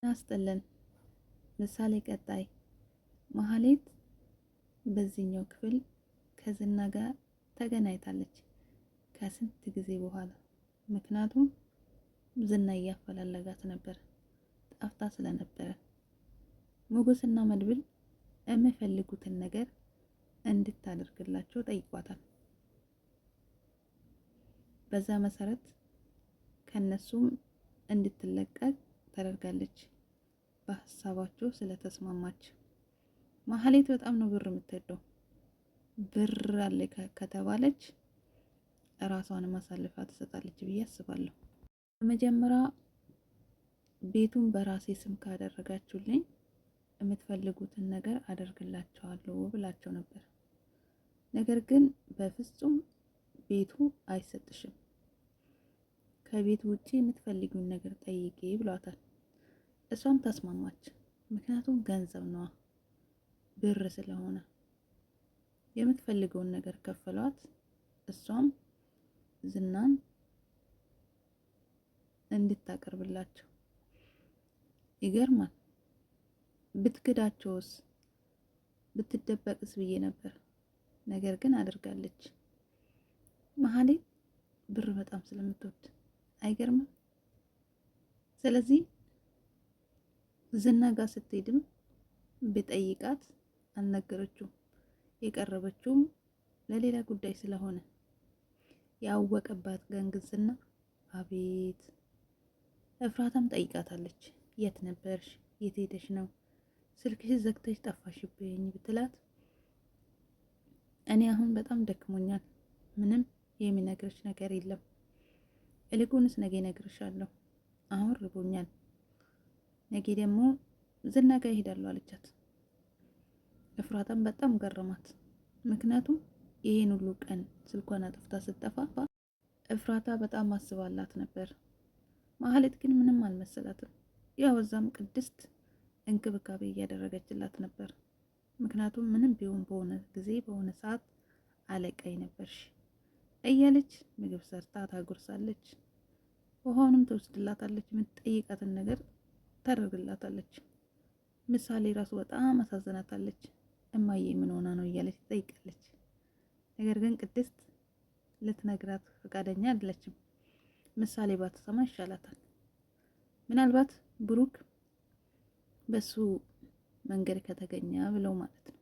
እናስጥልን ምሳሌ ቀጣይ መሀሌት በዚህኛው ክፍል ከዝና ጋር ተገናኝታለች ከስንት ጊዜ በኋላ። ምክንያቱም ዝና እያፈላለጋት ነበር፣ ጠፍታ ስለነበረ። ሞገስና መድብል የሚፈልጉትን ነገር እንድታደርግላቸው ጠይቋታል። በዛ መሰረት ከነሱም እንድትለቀቅ ታደርጋለች በሀሳባችሁ ስለተስማማች። ማህሌት በጣም ነው ብር የምትወደው። ብር አለ ከተባለች እራሷን ማሳልፋ ትሰጣለች ብዬ አስባለሁ። በመጀመሪያ ቤቱን በራሴ ስም ካደረጋችሁልኝ የምትፈልጉትን ነገር አደርግላችኋለሁ ብላቸው ነበር። ነገር ግን በፍጹም ቤቱ አይሰጥሽም፣ ከቤት ውጪ የምትፈልጊውን ነገር ጠይቄ ብሏታል። እሷም ታስማማች። ምክንያቱም ገንዘብ ነዋ ብር ስለሆነ የምትፈልገውን ነገር ከፈሏት። እሷም ዝናን እንድታቀርብላቸው ይገርማል። ብትክዳቸውስ ብትደበቅስ ብዬ ነበር፣ ነገር ግን አድርጋለች። መሀሌ ብር በጣም ስለምትወድ አይገርምም። ስለዚህ ዝና ጋር ስትሄድም ብጠይቃት አልነገረችውም። የቀረበችውም ለሌላ ጉዳይ ስለሆነ ያወቀባት ገንግዝና አቤት እፍራታም ጠይቃታለች። የት ነበርሽ? የት ሄደሽ ነው? ስልክሽ ዘግተሽ ጠፋሽብኝ ብትላት እኔ አሁን በጣም ደክሞኛል፣ ምንም የሚነግርሽ ነገር የለም፣ ይልቁንስ ነገ እነግርሻለሁ፣ አሁን ርቦኛል ነገ ደግሞ ዝናጋ ይሄዳሉ አለቻት። እፍራታም በጣም ገረማት። ምክንያቱም ይሄን ሁሉ ቀን ስልኳን አጥፍታ ስጠፋ እፍራታ በጣም አስባላት ነበር። ማህሌት ግን ምንም አልመሰላትም። ያው እዛም ቅድስት እንክብካቤ እያደረገችላት ነበር። ምክንያቱም ምንም ቢሆን በሆነ ጊዜ በሆነ ሰዓት አለቃይ ነበርሽ እያለች ምግብ ሰርታ ታጎርሳለች፣ ውሃውንም ትወስድላታለች፣ የምትጠይቃትን ነገር ታደርግላታለች። ምሳሌ ራሱ በጣም አሳዝናታለች። እማዬ ምን ሆና ነው እያለች ትጠይቃለች። ነገር ግን ቅድስት ልትነግራት ፈቃደኛ አይደለችም። ምሳሌ ባትሰማ ይሻላታል። ምናልባት ብሩክ በሱ መንገድ ከተገኘ ብለው ማለት ነው።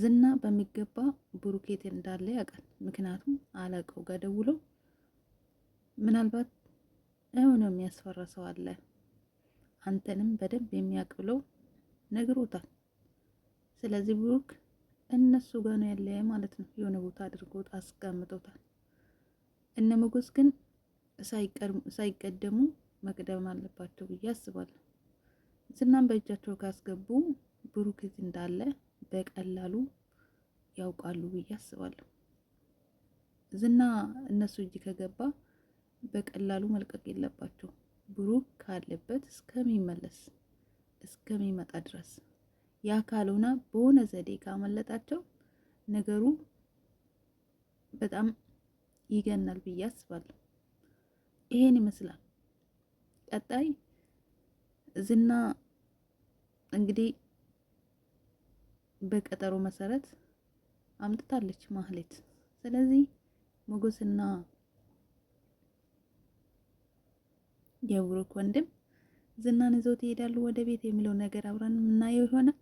ዝና በሚገባ ብሩኬት እንዳለ ያውቃል። ምክንያቱም አለቃው ጋር ደውሎ ምናልባት የሆነ የሚያስፈራ ሰው አለ አንተንም በደንብ የሚያውቅ ብለው ነግሮታል። ስለዚህ ብሩክ እነሱ ጋር ነው ያለ ማለት ነው። የሆነ ቦታ አድርጎት አስቀምጦታል። እነ መጎስ ግን ሳይቀደሙ መቅደም አለባቸው ብዬ አስባለሁ። ዝናም በእጃቸው ካስገቡ ብሩክ እንዳለ በቀላሉ ያውቃሉ ብዬ አስባለሁ። ዝና እነሱ እጅ ከገባ በቀላሉ መልቀቅ የለባቸው። ብሩክ ካለበት እስከሚመለስ እስከሚመጣ ድረስ ያ ካልሆነ በሆነ ዘዴ ካመለጣቸው ነገሩ በጣም ይገናል ብዬ አስባለሁ። ይሄን ይመስላል። ቀጣይ ዝና እንግዲህ በቀጠሮ መሰረት አምጥታለች ማህሌት። ስለዚህ ሞገስና የብሩክ ወንድም ዝናን ይዘው ይሄዳሉ ወደ ቤት የሚለው ነገር አብረን የምናየው ይሆናል።